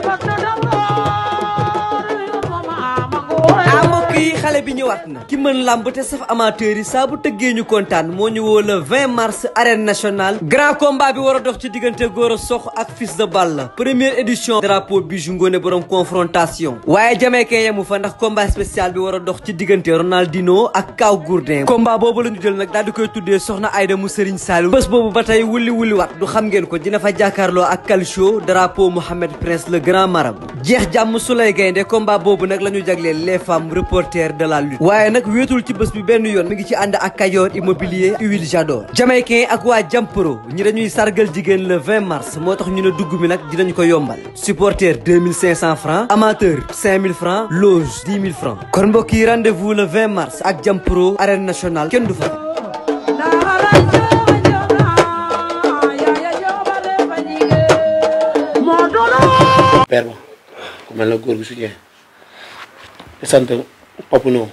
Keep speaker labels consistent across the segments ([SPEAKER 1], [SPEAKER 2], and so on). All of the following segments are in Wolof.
[SPEAKER 1] Thank you. bi ñëwaat na ki mën làmb te saf amateur yi saa bu tëggee ñu kontaan moo ñu woo le 20 mars arène nationale grand combat bi war a dox ci diggante Gora Sox ak Fils de Balla première édition drapeau bi ngoone borom confrontation waaye jamaykee yemu fa ndax combat spécial bi war a dox ci diggante Ronaldinho ak Kaw Gourdin combat boobu la ñu nag daal koy tuddee soxna Aïda mu Serigne Saliou boobu ba tey wulli wulli wat du xam ngeen ko dina fa jàkkaarloo la lutte waaye nag wetul ci bés bi benn yoon mi ngi ci ànd ak Kayor immobilier huile Jador jamaïcain ak waa Jampro ñi dañuy sargal jigéen le 20 mars moo tax ñu ne dugg bi nag dinañu ko yombal supporter 2500 francs amateur 5000 francs loge 10 000 francs kon mbokk yi rendez-vous le 20 mars ak Jampro arène nationale kenn du fa
[SPEAKER 2] père ba ku mel na góor gi Papino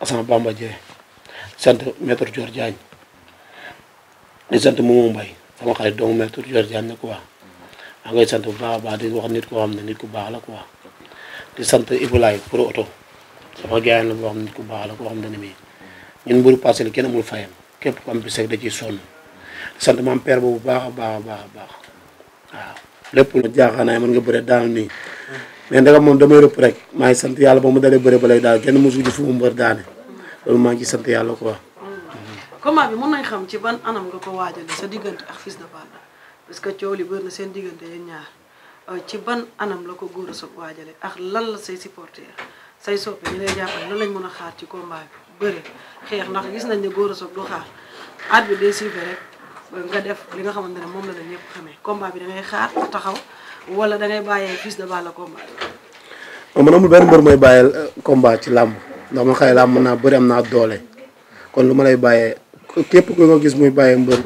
[SPEAKER 2] Assane Bamba Dieng sant maître Dior
[SPEAKER 1] di sant Momo Mbaye
[SPEAKER 2] sama xarit doomu maître Dior Diagne la quoi maa ngay sant bu baax baax di wax nit koo xam ne nit ku baax la quoi di sant Ibulaay pour sama gars la ku baax la koo xam ne ni muy ñun mbiru parcelle kenn amul fayam képp ku am bés rek da ciy sonn di sant maam père boobu baax a baax a baax a baax waaw lépp lu jaaxaan naay nga bëre daal nii. mais ndegam moom damay rëpp rek maa ngi sant yàlla ba mu dalee bëre ba lay daal kenn mosu ji fu mu mbër daane loolu maa ngi sant yàlla quoi.
[SPEAKER 3] combat bi mën nañ xam ci ban anam ko waajalee sa diggante ak Fils de Balla parce que coow li bëri na seen diggante yéen euh, ci ban anam la ko góor a soog waajalee ak lan la say supporter say soppe ñu lay jàppale lan lañ mën a xaar ci combat bi bëri xeex ndax gis nañ ne góor a soog du xaar at bi day suivre rek. nga def li nga xamante ne moom la la bi da ngay xaar taxaw wala da ngay bàyyee Fils de Balla combat
[SPEAKER 2] bi. man amul benn euh, ci làmb ndax man xëy làmb mën naa bëri am naa doole kon lu ma lay bàyyee képp ku nga gis muy bàyyee mbër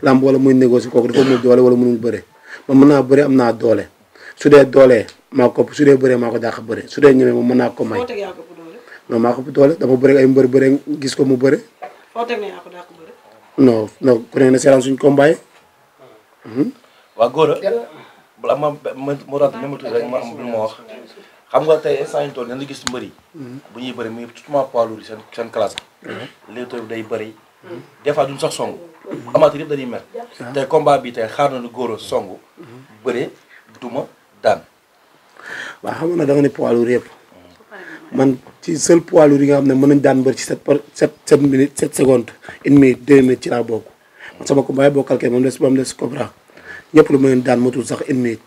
[SPEAKER 2] làmb wala muy négocier kooku dafa doole wala mënul bëre man naa bëri am naa doole su dee doolee maa ko su dee bëree maa ko dàq bëre su dee ñëwee mën naa ko may. non maa ko doole dama bëri gis ko mu bëre. non non ku ne na seeraan suñu combat yi. waaw
[SPEAKER 4] góor a. ma ma ma ma am lu ma wax. xam nga tey instant yi ñu toll nañu gis mbër mhm. bu ñuy bëri muy tout poids lourd seen seen classe léegi mhm. bi day bëri. Mhm. des fois duñ sax songu. amateur yëpp dañuy mer. tey combat bi tey xaar nañu góor a songu. bëre duma daan.
[SPEAKER 2] waaw xam nga da nga ne poids lourd yëpp. man ci seul poids lourd yi nga xam ne mën nañ daan mbër ci sept par sept sept minutes sept secondes une minute deux minutes ci laa bokk man sama combat bokkal kay moom des moom des Cobra ñëpp lu ma leen daan matul sax une minute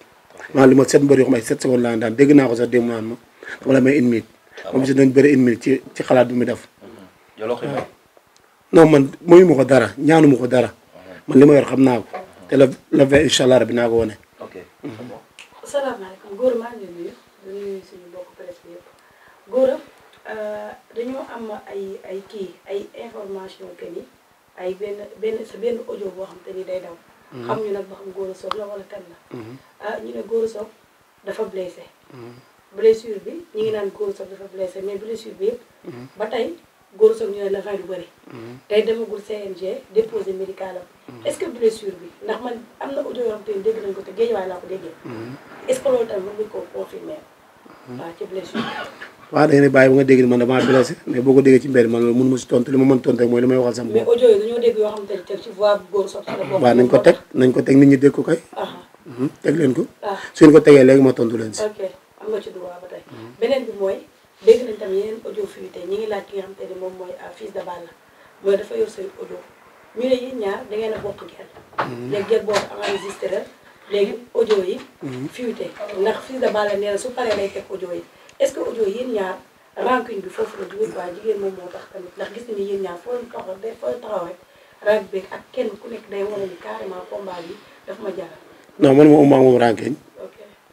[SPEAKER 2] maanaam ma sept mbër yoo xam ay sept secondes laa daan dégg naa ko sax démb ma la may une minute ah moom si dañ bëri une minute ci ci xalaat bi mu def
[SPEAKER 3] mm-hmm. ah.
[SPEAKER 2] non man mooyu ko dara ñaanu ma ko dara mm-hmm. man li ma yor xam naa ko mm-hmm. te la la vingt naa ko wane.
[SPEAKER 3] ok góora euh, dañoo am ay ay kii ay information que ni ay benn benn sa benn audio boo xam te ni day daw. Mhm. xam ñu nag ba xam góora soog la wala kan la. Mhm. ah ñu ne góora soog dafa blessé. Mhm. blessure bi ñu ngi naan góora soog dafa blessé mais blessure bi ba tey góora soog ñu ne la vingt du bëri. tey demagul CNG déposé médical am. est ce que blessure bi ndax man am na audio yoo xam te ni dégg nañu ko te géej waaye laa ko déggee. est ce que loolu tamit mën nga koo confirmer. waaw ci blessure
[SPEAKER 2] waa da ngeen bàyyi bu nga dégg ni man damaa blessé mais boo ko déggee ci mbedd man loolu mënuma si tontu li ma mën tontu rek mooy li may waxal sama bopp. mais
[SPEAKER 3] audio yi dañoo dégg yoo xam nañ ko teg
[SPEAKER 2] nañ ko teg nit ko kay. Ah. Mhm, teg ko. Ah. su ko mhm. te ne
[SPEAKER 3] moom mooy ah, fils de Balla mooy dafa yor seen audio ñu ne yéen a bokk mhm. ndax fils de Balla nee na su paree lay teg audio yi est-ce que audio yéen ñaar rancune bi foofu la jigéen moom moo tax tamit ndax gis nañu yéen ñaar fooy taxaw day fooy taxaw rek rank beeg ni carrément ma jaral.
[SPEAKER 2] non man moom maa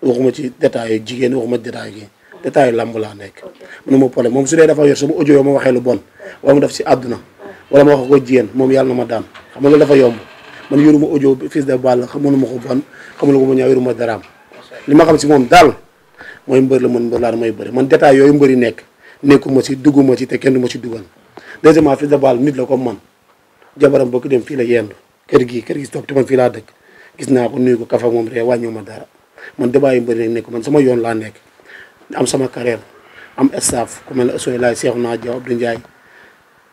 [SPEAKER 2] waxuma ci détail jigéen waxuma détail yi. détail yu ah. laa nekk. man moom problème moom su dee dafa yor ma audio yoo ma waxee lu bon. wala mu def ci àdduna. Ah. wala ma wax ko jigéen moom yàlla na ma daan xam nga loolu dafa yomb man yoruma audio fis de balle xamaluma ko bon xamaluma ko ñaaw yoruma daraam. li ma xam si moom daal. mooy mbër la man mbër laa damay bëri man détail yooyu mbëri nekk nekkuma ci dugguma ci te kenn du ma ci dugal deuxièmement Fils de Balla nit la ko man jabaram bokk dem fii la yendu kër gi kër gi toog te man fii laa dëkk gis naa ko nuyu ko kafa moom ree wàññoo ma dara man débat yu mbëri nekk man sama yoon laa nekk am sama carrière am staff ku mel ne Soy Laay Seexu naa Jaw Abdou Ndiaye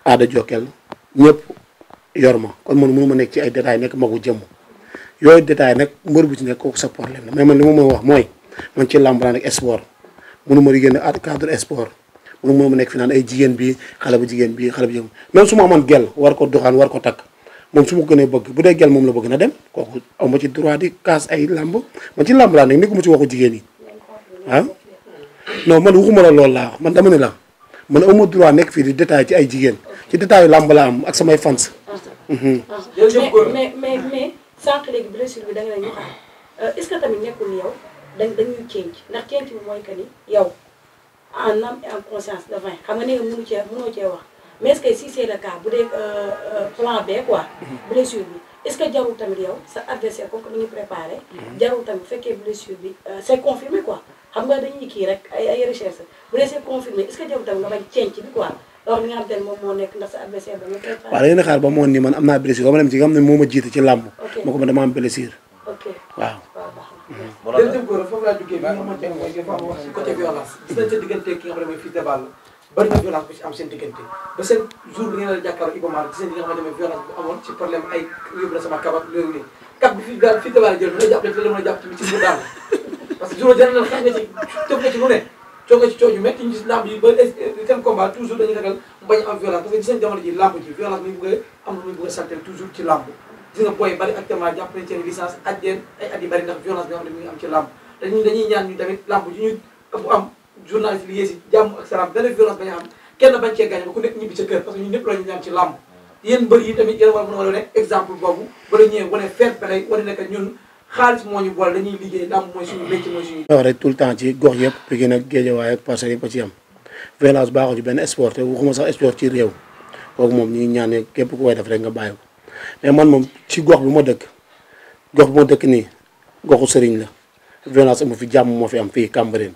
[SPEAKER 2] aada Jokkel ñëpp yor ma kon man mënu ma nekk ci ay détails nekk magu jëmm yooyu détail nag mbër bu ci nekk sa problème la man li ma mën wax mooy man ci làmb nag sport mënu ma di génn at cadre sport mënu ma nekk fi naan ay jigéen bi xale bu jigéen bi xale bu jigéen même su ma amoon gel war ko doxaan war ko takk moom su ma ko gënee bëgg bu dee gel moom la bëgg na dem kooku am ma ci droit di kaas ay làmb man ci làmb laa nekk ni ko ma ci waxu jigéen yi ah non man waxuma la loolu laa man dama ne la man amu droit nekk fii di détail ci ay jigéen ci détail làmb laa am ak samay fans. Mhm.
[SPEAKER 3] mais mais mais sànq léegi blessure bi da nga ñu xam euh, est-ce que tamit nekkul yow. dañ dañuy change ndax change bi mooy que ni yow en âme et en conscience de vin xam nga ne mënu cee mënoo cee wax mais est ce que si c' est le cas bu dee euh, euh, plan mhm. sa adversaire comme que ni ñu préparé. Mhm. jarul tamit bu fekkee bi euh, c' est xam nga dañuy kii rek ay ay recherche bu dee ne moom a xaar ba mu woon ni man am naa
[SPEAKER 2] blessure ba ci nga moo ko ma dama am blessure. ok waaw.
[SPEAKER 3] voilà jërëjëf Gora foofu laa jógee
[SPEAKER 4] bi nga xamante ne mooy ngeen fa wax si côté violence gis nañ sa diggante ki nga xam ne mooy Fils de Balla bëri na violence bu ci am seen diggante ba seen jour bi ngeen la jàkkaarloo Iba Mar gis nañ li nga xamante ne mooy violence bu amoon ci problème ay yóbbu na sama kabak loolu nii kab bi fi daal Fils de Balla jël mën a jàpp la mën a jàpp ci biir daal parce que jour jël na xeex nga ci tëb nga ci lu ne coo nga ci coow yu métti ñu gis lamb yi ba euh, seen combat toujours dañuy ragal mu bañ am violence parce que gis nañ jamono ji lamb ji violence muy bëgg a am muy bëgg a santel toujours ci lamb gis nga booy bari actuellement jàpp nañ seen licence aj ay at bari ndax violence bi nga xam ne mu ngi am ci làmb te ñun dañuy ñaan ñu tamit làmb ju ñu kenn ba ku nekk ñibbi sa kër parce que ñun ñëpp la ñu ñaan ci a wane exemple boobu bala ñëwee nekk moo ñu boole dañuy liggéey làmb mooy
[SPEAKER 2] tout le temps ci gox yëpp Pikine nag Géejawaay ak Parcelles yi ba ci am violence baaxul ci benn sax sport ci réew kooku moom ñu ngi ñaan képp ku koy def rek nga bàyyi ko mais man moom ci gox bi ma dëkk gox bi ma dëkk nii goxu sëriñ la violence amu fi jàmm moo fi am fii Cambérène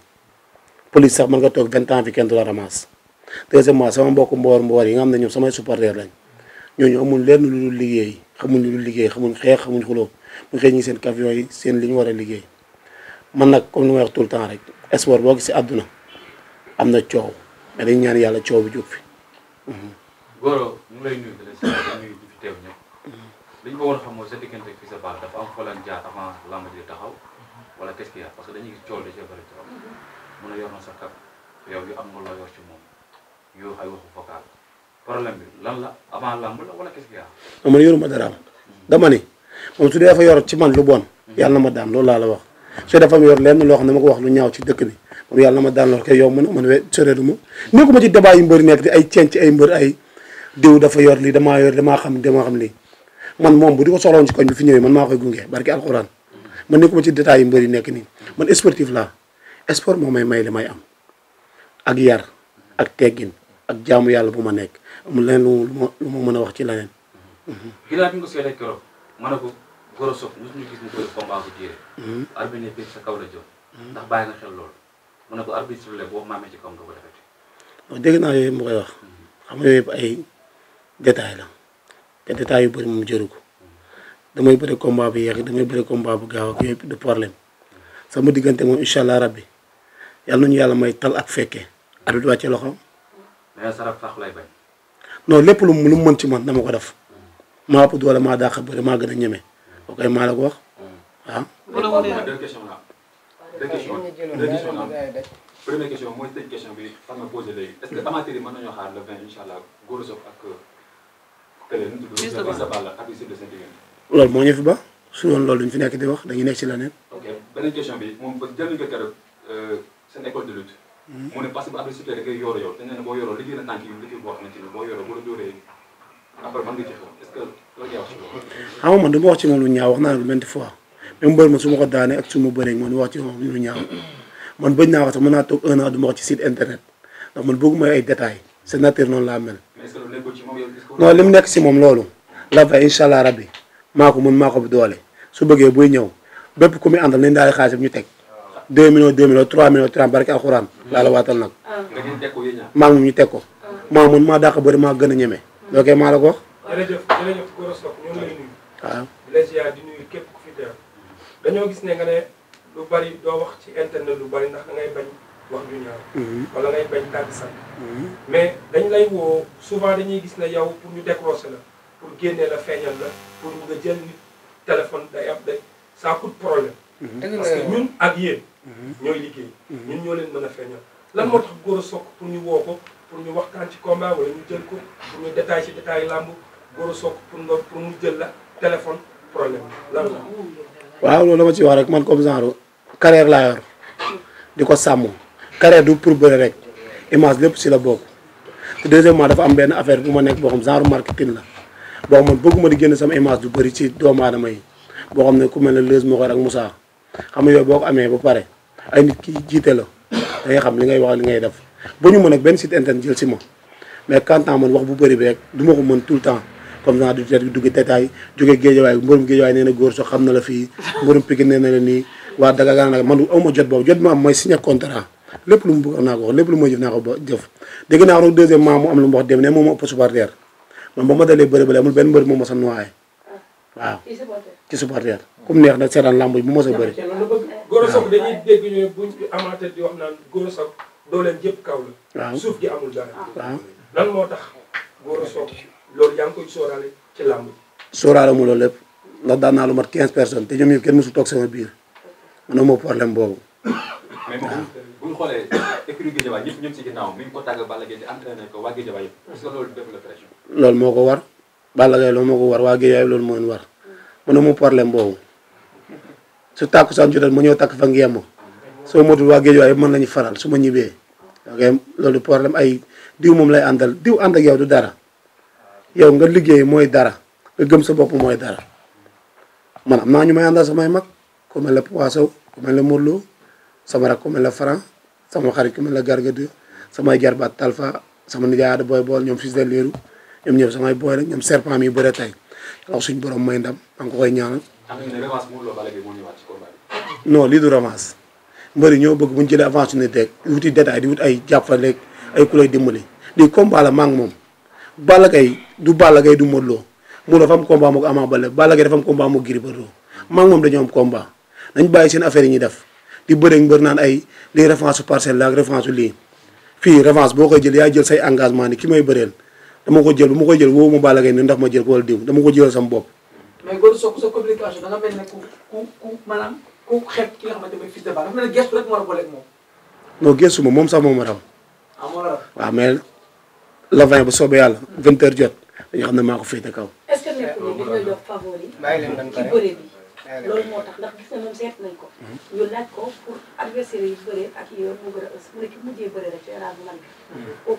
[SPEAKER 2] police sax mën nga toog vingt ans fi kenn du la ramasse deuxièmement sama mbokk mboor mboor yi nga xam ne ñoom samay supporter lañ ñooñu amul lenn lu dul liggéey xamuñ lu dul liggéey xamuñ xeex xamuñ xuloo bu xëy ñi seen camion yi seen li ñu war a liggéey man nag comme nu may wax tout le temps rek sport boo gis si àdduna am na coow mais dañ ñaan yàlla coow bi jóg fi
[SPEAKER 4] li ñu ko war a xam sa diggante fii sa baax dafa am taxaw wala quest parce que dañuy gis coow da a yor sa kap yow yu am yor ci moom yu ay waxu vocal problème bi lan la avant lamb la wala yor ce qu'il y a.
[SPEAKER 2] man yoruma dara dama ni moom su dee yor ci man lu bon. yàlla na ma daan loolu laa la wax su dee dafa yor lenn loo xam ne ko wax lu ñaaw ci dëkk bi moom yàlla ma daan lool kay yow man man we sëreetu ma nekkuma ci débat yu mbër nekk di ay ceen ci ay mbër ay diw dafa yor lii damaa yor damaa xam damaa xam lii man moom bu di ko soxlawoon ci koñ bi fi ñëwee man maa koy gunge barki alxuraan man ma ci détails yu mbëri nekk nii man sportif laa sport moo may may li may am ak yar ak teggin ak jaamu yàlla bu ma nekk amul leneen lu ma lu ma mën a wax ci leneen.
[SPEAKER 4] ginnaaw bi nga ma ne ko Gora Sock hmm. la jóg. Hmm. ndax bàyyi nga xel loolu mu ne ko arbitre sulle boo maamee ci kaw nga ko defati.
[SPEAKER 2] dégg naa yooyu mu koy wax hmm. xam nga yooyu ay détails la. te détails yu bëri moom jëru damay bëri combat bu yéex damay bëri combat bu gaaw ak du problème sama diggante moom incha allah rabbi yàlla nañu yàlla may tal ak fekkee at bi loxo.
[SPEAKER 4] mais saraf sax lay
[SPEAKER 2] lépp lu mu lu mën ci man dama ko def maa ëpp doole maa dàq bëri maa gën a ñeme ok maa la ko wax ah. lool moo ñu fi ba su doon loolu duñ fi nekk di wax dañuy nekk ci leneen.
[SPEAKER 4] ok beneen question bi moom ba jël euh, hmm. boo yoroo liggéey na tànk yi liggéey boo
[SPEAKER 2] xamante man nga wax ci moom lu ñaaw wax naa lu vingt fois même mbër ma su ma ko daanee ak su ma bëree man wax ci moom lu ñaaw man bëj naa wax sax mën naa toog un an du wax ci site internet ndax man bëgguma ay détails c'est noonu laa mel non li mu nekk si moom loolu la fa incha allah rabbi maa ko mën maa ko doole su bëggee buy ñëw bépp ku muy àndal nañ daal xaalis bi ñu teg 2 millions 2 millions 3 millions 3 barke alxuraan laa la waatal nag maa ah. moom ñu teg ko maa mën ah. maa dàq bëri maa gën a ñeme lookee ah. maa la ko wax
[SPEAKER 4] jërëjëf jërëjëf Gora Sock
[SPEAKER 2] wax ju ñaaw.
[SPEAKER 1] Mhm. wala ngay
[SPEAKER 2] bañ tàgg sant. Mhm. mais dañ lay
[SPEAKER 4] woo souvent dañuy gis ne yow pour ñu décrocher la pour génnee la feeñal la pour nga jël nit téléphone day am day ça coûte problème.
[SPEAKER 1] Mhm. parce que ñun ak yéen.
[SPEAKER 4] ñooy liggéey. ñun ñoo leen mën a feeñal lan moo tax Gora Sock pour ñu woo ko pour ñu waxtaan ci combat wala ñu jël ko pour ñu détail ci détail làmb Gora Sock pour nga pour mu jël la téléphone problème
[SPEAKER 2] lan la. waaw loolu la ma ci wax rek man comme genre carrière laa di ko sàmm. carré du pour bëre rek image lépp si la bokk te deuxièmement dafa am benn affaire bu ma nekk boo xam genre marketing la boo xam man bëgguma di génn sama image du bëri ci doomu aadama yi boo xam ne ku mel ne Leuz Mokor ak Moussa xam nga yooyu boo amee ba pare ay nit ki la da xam li ngay wax li ngay def ba ñu mën ak benn site si ma mais quand man wax bu bëri bi rek du ma ko mën tout le temps comme ça du tet duggi tetaay jóge géejawaay mburum géejawaay nee na góor so xam na la fii mburum Pikine nee na la nii man awma jot boobu jot ma am mooy signé contrat lépp lu mu bëgg naa ko wax lépp lu ma jëf naa ko ba jëf dégg naa roog deuxième mois mu am lu mu wax dem ne moom ma ëpp supporter man ba ma dalee bëri bëri amul benn mbër moom ma sa noyé waaw ci neex na seetaan lamb yi bu sa bëri Gora Sock dañuy dégg ñu buñ kaw la waaw suuf gi amul ah. moo tax Gora Sock loolu yaa mu loolu lépp ndax daan naa lu mat quinze personnes te ñoom yëpp kenn mosul toog sama biir man amoo problème boobu
[SPEAKER 4] bu ñu xoolee écurie ko tàgg Balla Gaye
[SPEAKER 2] loolu moo ko war Balla Gaye loolu moo ko war waa Guédiawaye loolu moo war mu ne mu problème boobu su tàkku saan jotal mu ñëw tàkk fa ngeem soo motul waa Guédiawaye yëpp mën nañu faral su ma ñibbee ok loolu problème ay diw moom lay àndal diw ànd ak yow du dara yow nga liggéey mooy dara nga gëm sa bopp mooy dara man am naa ñu may àndal samay mag ku mel ne Poisson ku mel ne Modou Lo sama rak ku mel ne sama xarit ku mel ne Garga de samay jarbaat Talfa sama nijaay Ada Boy Bool ñoom fils de Lirou ñoom ñëpp samay booy la ñoom serpent mi bëre tey wax suñu borom may ndam maa ngi ko koy ñaanal. non lii du revanche mbëri ñoo bëgg bu ñu jëlee avance suñu teg wuti détail di wut ay jàppale ay ku dimbali lii combat la maa moom. Balla Gaye du Balla Gaye du Modou Lo Modou Lo dafa ko Ama Baldé Balla Gaye dafa am combat mu Gris Bordeaux maa ngi moom dañoo am nañ bàyyi seen affaire yi ñuy def. di bëreeg mbër naan ay lii référence su parcelle la ak référence lii fii référence boo koy jël yaa jël say engagement ni ki may bëreel dama ko jël bu ma koy jël woo ma Balla Gaye ne ndax ma jël ko diw dama ko jëlal sama bopp.
[SPEAKER 4] mais Gora
[SPEAKER 3] moo
[SPEAKER 2] la moom. sax moom ma raw.
[SPEAKER 3] ah
[SPEAKER 2] moo raw bu soobee yàlla vingt heures jot dañu xam ne maa ko féete kaw.
[SPEAKER 3] loolu moo tax ndax gis na moom seet nañ ko. ñu laaj ko pour adversaire yi bëree ak yow mu gën a ës mu ne ki ci Elhadj Malick. gis sañ ko.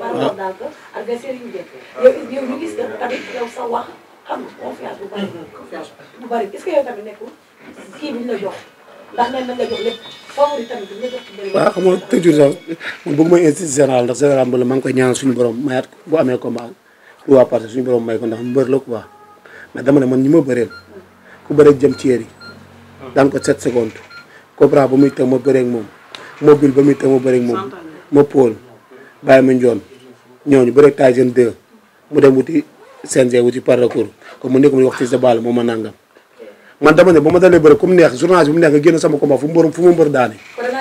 [SPEAKER 3] par rapport daal ko adversaire yi ñu def. Ah. gis que tamit yow sa wax xam confiance bu bari. confiance bu bari tamit nekkul kii bi ñu la jox. waa nee nga jox lépp xam nga
[SPEAKER 2] toujours sax man bëgg mooy insiste général ndax général mbër la maa ngi koy ñaanal suñu borom mayaat bu amee combat lu waa parce que suñu borom may ko ndax mu bëri la quoi mais dama ne man ñi ma bëreel ku bëree jëm ci yéer yi. daan ko 7 secondes. Cobra ba muy teg ma bëree ak moom mobile ba muy teg ma bëri ak moom ma Paul bàyyi ma njoon ñooñu bëree Tyson 2 mu dem wuti CNG wuti par recours mu nekk mu wax ci sa baal moo ma nàngam man dama ne ba ma dalee bëre ku mu neex journaliste bu mu neex nga génn sama combat fu mu mbër fu mu mbër daane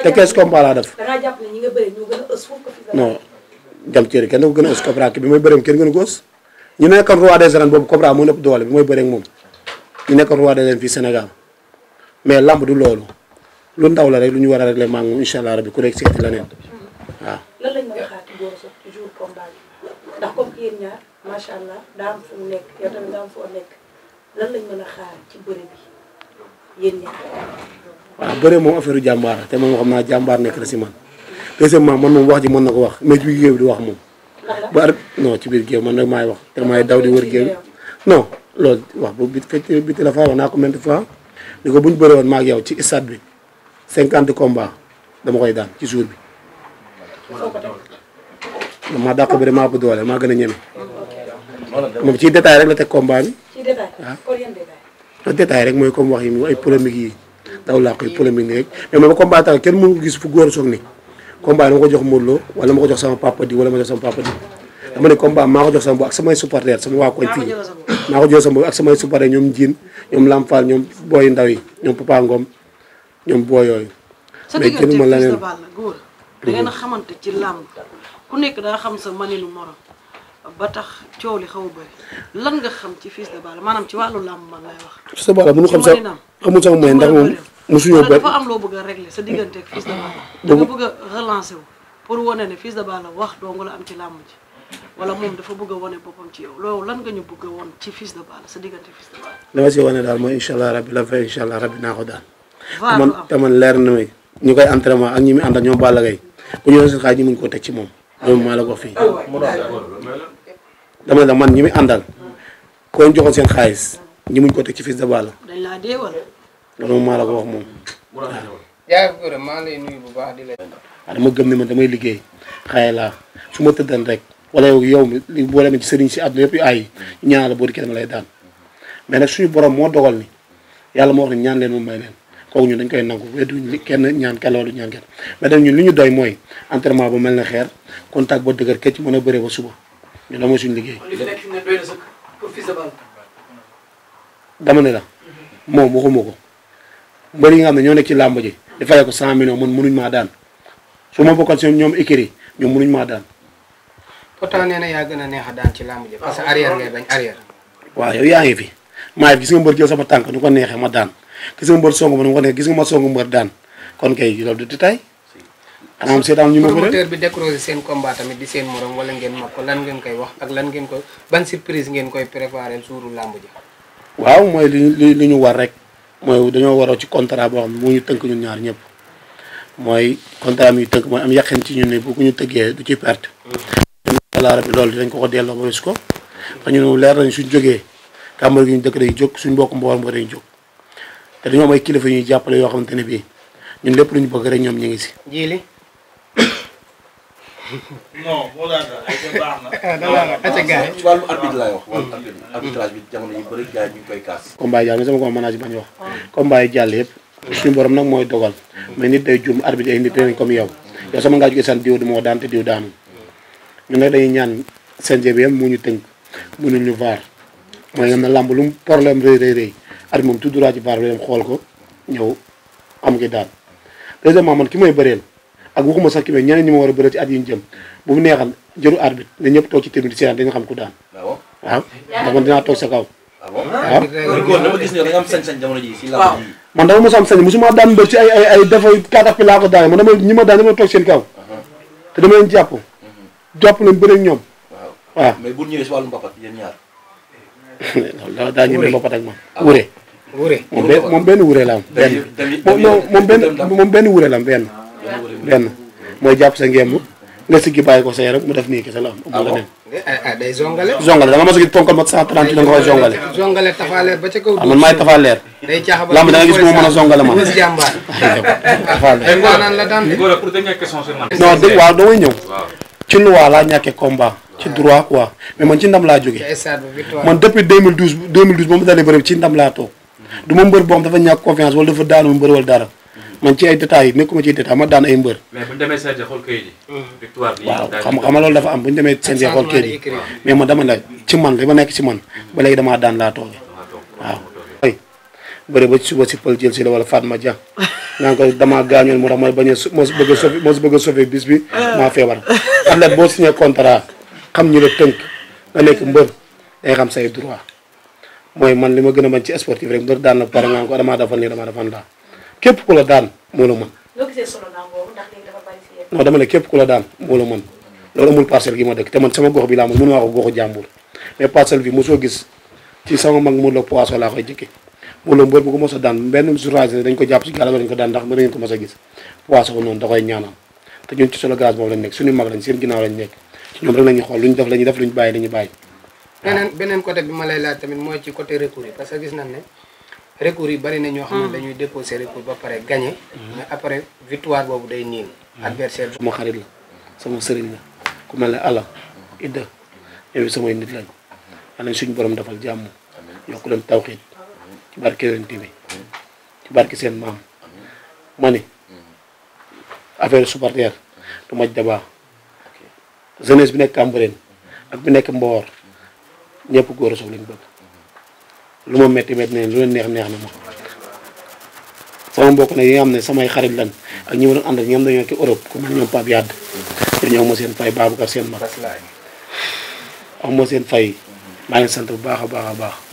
[SPEAKER 3] te kees combat laa def dangaa a ës foofu ko fi
[SPEAKER 2] non jam téeri kenn bi may bëreem kenn gën a ko ës ñu nekkoon roi des arènes boobu Cobra nëpp doole bi may bëreeg moom nekkoon roi fii Sénégal mais lamb du loolu lu ndaw la rek lu ñu war a régler maa ngi incha allah rabbi ku nekk seeti
[SPEAKER 3] la neen bi ndax comme waa ñaar.
[SPEAKER 2] waaw bëre moom affaire jàmbaar te moom xam naa jàmbaar nekk na si man deuxièmement man moom wax ji mën na ko wax mais ci biir géew di wax moom. ba non ci biir géew man nag maay wax te maay daw di wër géew non loolu wax bu bi fekkee bi la fa wax naa ko maintes fois ni ko bu ñu woon maag yow ci stade bi cinquante combat dama koy daan ci jour bi. maa dàq bëre maa ko doole maa gën a ñeme.
[SPEAKER 3] moom ci détail rek la teg combat bi. ci
[SPEAKER 2] loolu détail rek mooy comme wax yi mu ay polémique yi daw laa koy polémique nii rek mais man ma combattant kenn mënu gis fu góor soog ni combat dama ko jox Modou Lo ma ko jox sama papa di ak samay supporters sama waa koñ fii maa ko jox sama bopp ak samay supporters ñoom Dieng ñoom Lampal ñoom booy ndaw yi ñoom Papa ñoom booy mais kenn ma la leen
[SPEAKER 3] ba tax coow li xaw a lan nga xam ci Fils de Balla maanaam ci wàllu làmb man lay wax.
[SPEAKER 2] Fils de Balla mënu xam sax xamul sax mooy ndax moom mosuñoo bëri dafa
[SPEAKER 3] am loo bëgg a régler sa diggante ak Fils de Balla. da nga bëgg a relancer wu pour wane ne wax dong la am ci làmb ji wala dafa bëgg a wane ci yow lan nga ñu bëgg a ci Fils de Balla sa diggante Fils de
[SPEAKER 2] Balla. daal mooy incha allah la fay incha allah rabi naa ko daal. man taman leer na may ñu koy entraînement ak ñi muy àndal ñoom Balla Gaye ku ñëw si xaaj ñu mun koo teg ci moom maa la ko fii dama la man ñi muy àndal koo ñu seen xaalis ñi muñ ko teg ci Fils de Balla.
[SPEAKER 3] dañ laa deewal.
[SPEAKER 2] maa la ko wax bu baax
[SPEAKER 3] di la. waaw ah,
[SPEAKER 2] dama gëm ne ma damay liggéey xaye laa su ma tëddan rek wala yow mi li boole ma ci sëriñ si àdduna yëpp yu aay ñu ñaanal boo dikkee dama lay daan mais nag suñu borom moo dogal ni yàlla moo ñaan leen mu may kooku ñun dañ koy nangu wedduñ kenn ñaan kenn lu ñaan kenn mais dañ ñun li ñu doy mooy entraînement ba mel na xeer contact ba dëgër këcc mën a bëree ba suba. ñu la mooy suñu liggéey. dama ne la moom waxuma ko mbër yi nga xam ne ñoo nekk ci làmb ji di fayee ko cent millions man mënuñ maa daan su ma bokkal si ñoom écrit ñoom mënuñ maa daan. pourtant nee na yaa gën a neex daan ci làmb ji parce que arrière ngay bañ arrière. waaw yow yaa ngi fi maa ngi gis nga mbër jël sama tànk nu ko neexee ma daan gis nga mbër song ma ko neexee gis nga ma song mbër daan kon kay loolu du détail xanaa am seetaan ñu ma bëre promoteur bi décroché seen combat tamit di seen morom wala ngeen mag ko lan ngeen koy wax ak lan ngeen koy
[SPEAKER 4] ban surprise ngeen koy préparé suuru làmb ji.
[SPEAKER 2] waaw mooy li li li ñu war rek mooy dañoo waroo ci contrat boo xam ne moo ñu tënk ñun ñaar ñëpp mooy contrat mi ñu tënk mooy am yaqin ci ñun ne bu ñu tëggee du ci perte. incha allah loolu dinañ ko ko delloo ba wis ko te ñun leer nañ suñ jógee kàmbar gi ñu dëkk day jóg suñ mbokk mboor mboor dañuy jóg te dañoo am ay kilifa ñuy jàppale yoo xamante ne bii ñun lépp lu ñu bëgg rek ñoom ñu ngi si. non boo daan daal ayca baax na. dana la ayca gars yi. ci wàllu arbitre ñu ngi koy kaas. combat jàll sama ko manage nag mooy dogal. mais nit day juum arbitre ay nit dinañ comme yow. yow sama ngaa jógee sant diw du moo daan te diw daanu. ñu nag dañuy ñaan CNG bi yëpp mu ñu tënk mënuñ ñu vaar mooy nga ne làmb lu problème rëy rëy rëy moom tout droit ci vaar bi dem xool ko ñëw am ngi daan deuxièmement man ki mooy bëreel ak waxuma sax ki mais ñeneen ñi ma war a bëre ci at yi ñu bu mu neexal jëru arbitre ne ñëpp toog ci tribune si dañu xam ku daan waaw ndax sa kaw ah ah.
[SPEAKER 4] waaw dama gis ne da ji si
[SPEAKER 2] la man dama mos am sañ mosuma daan mbër ci ay ay ay dafay kaatapi laa ko dama ñi ma daan dama toog seen kaw uh-huh. te dama leen jàpp uh-huh. jàpp leen bëre ak ñoom
[SPEAKER 4] waaw mais bu ñëwee si wàllu mbapat yéen ñaar
[SPEAKER 2] loolu daa ñëwee mbapat ak ah. wure moom benn wure la am benn moom benn wure la benn benn mooy jàpp sa ngemb nga siggi bàyyi ko sa yaram mu def nii kese la am. amul ah leneen ah day zongale. zongale da nga a gis ponkal ba ca kaw. waaw ah, man a zongale man. jàmbaar tafaaleer. naan la daan de. pour
[SPEAKER 4] dernière question sur
[SPEAKER 2] man. non dëgg ñëw. ci loi laa ñàkkee combat. ci droit quoi mais man ci ndam laa jógee. man depuis 2012 2012 ba mu dalee bëri ci ndam laa toog. Mhm. du ma mbër boo xam dafa ñàkk confiance wala dafa daanu mbër wala dara man ci ay détails yi nekkuma ci détail ma daan ay mbër.
[SPEAKER 4] mais bu ñu demee
[SPEAKER 1] mm. CNG waaw xam xam loolu dafa am bu ñu demee CNG xool kayit yi mais
[SPEAKER 2] man dama ma nekk ci man ba léegi damaa daan laa toogee waaw. bëri ba suba si pël si la wala Fatma Dia naan ko damaa gaañoon moo tax ma bañ a su ma bëgg a sauver ma bëgg a sauver bis bi maa feebar. athlète xam ñu la tënk nga nekk mbër day xam say droit mooy man li ma gën a bañ ci sportif rek mbër daan na pare naan ko damaa defal nii damaa defal laa képp ku la daan moo la mën. loo la daan moo la mën loolu amul parcelle gi ma dëkk te man sama gox bi laa mën mënu maa ko goxu jàmbur mais parcelle bi mosoo gis ci sama mag mu la poisson laa koy jëkke mu la mbër bu ko mos a daan benn journaliste dañ ko jàpp si gàllankoor dañ daan ndax mën ngeen ko mos a gis poisson noonu da koy ñaanal te ñun ci solo gaz boobu lañ nekk lañ seen ginnaaw lañ nekk ci ñoom rek lañuy xool lu ñu def lañuy def lu ñu bàyyi lañuy bàyyi beneen beneen côté que gis nañ recours yi bari na ñoo xam ne mm. dañuy déposé recours ba pare gagné. Mm. mais après victoire boobu day niin mm. adversaire sama xarit la sama sëriñ la ku mel ne ala idda yooyu samay nit lañ anañ suñu borom defal jàmm yokk leen tawxiit ci barke yonent bi ci barke seen maam ma ni affaire du maj dabaa jeunesse bi nekk Cambérène ak bi nekk Mboor ñëpp góor a soog bëgg lu ma métti métti ne lu leen neex neex na ma sama mbokk nag yi nga xam ne samay xarit lan ak ñi ma doon àndal ñi nga xam ne dañoo ki Europe ku man ñoom Pape Yade ñoom ma seen fay Babacar seen mag am ma seen fay maa ngi sant bu baax a baax a baax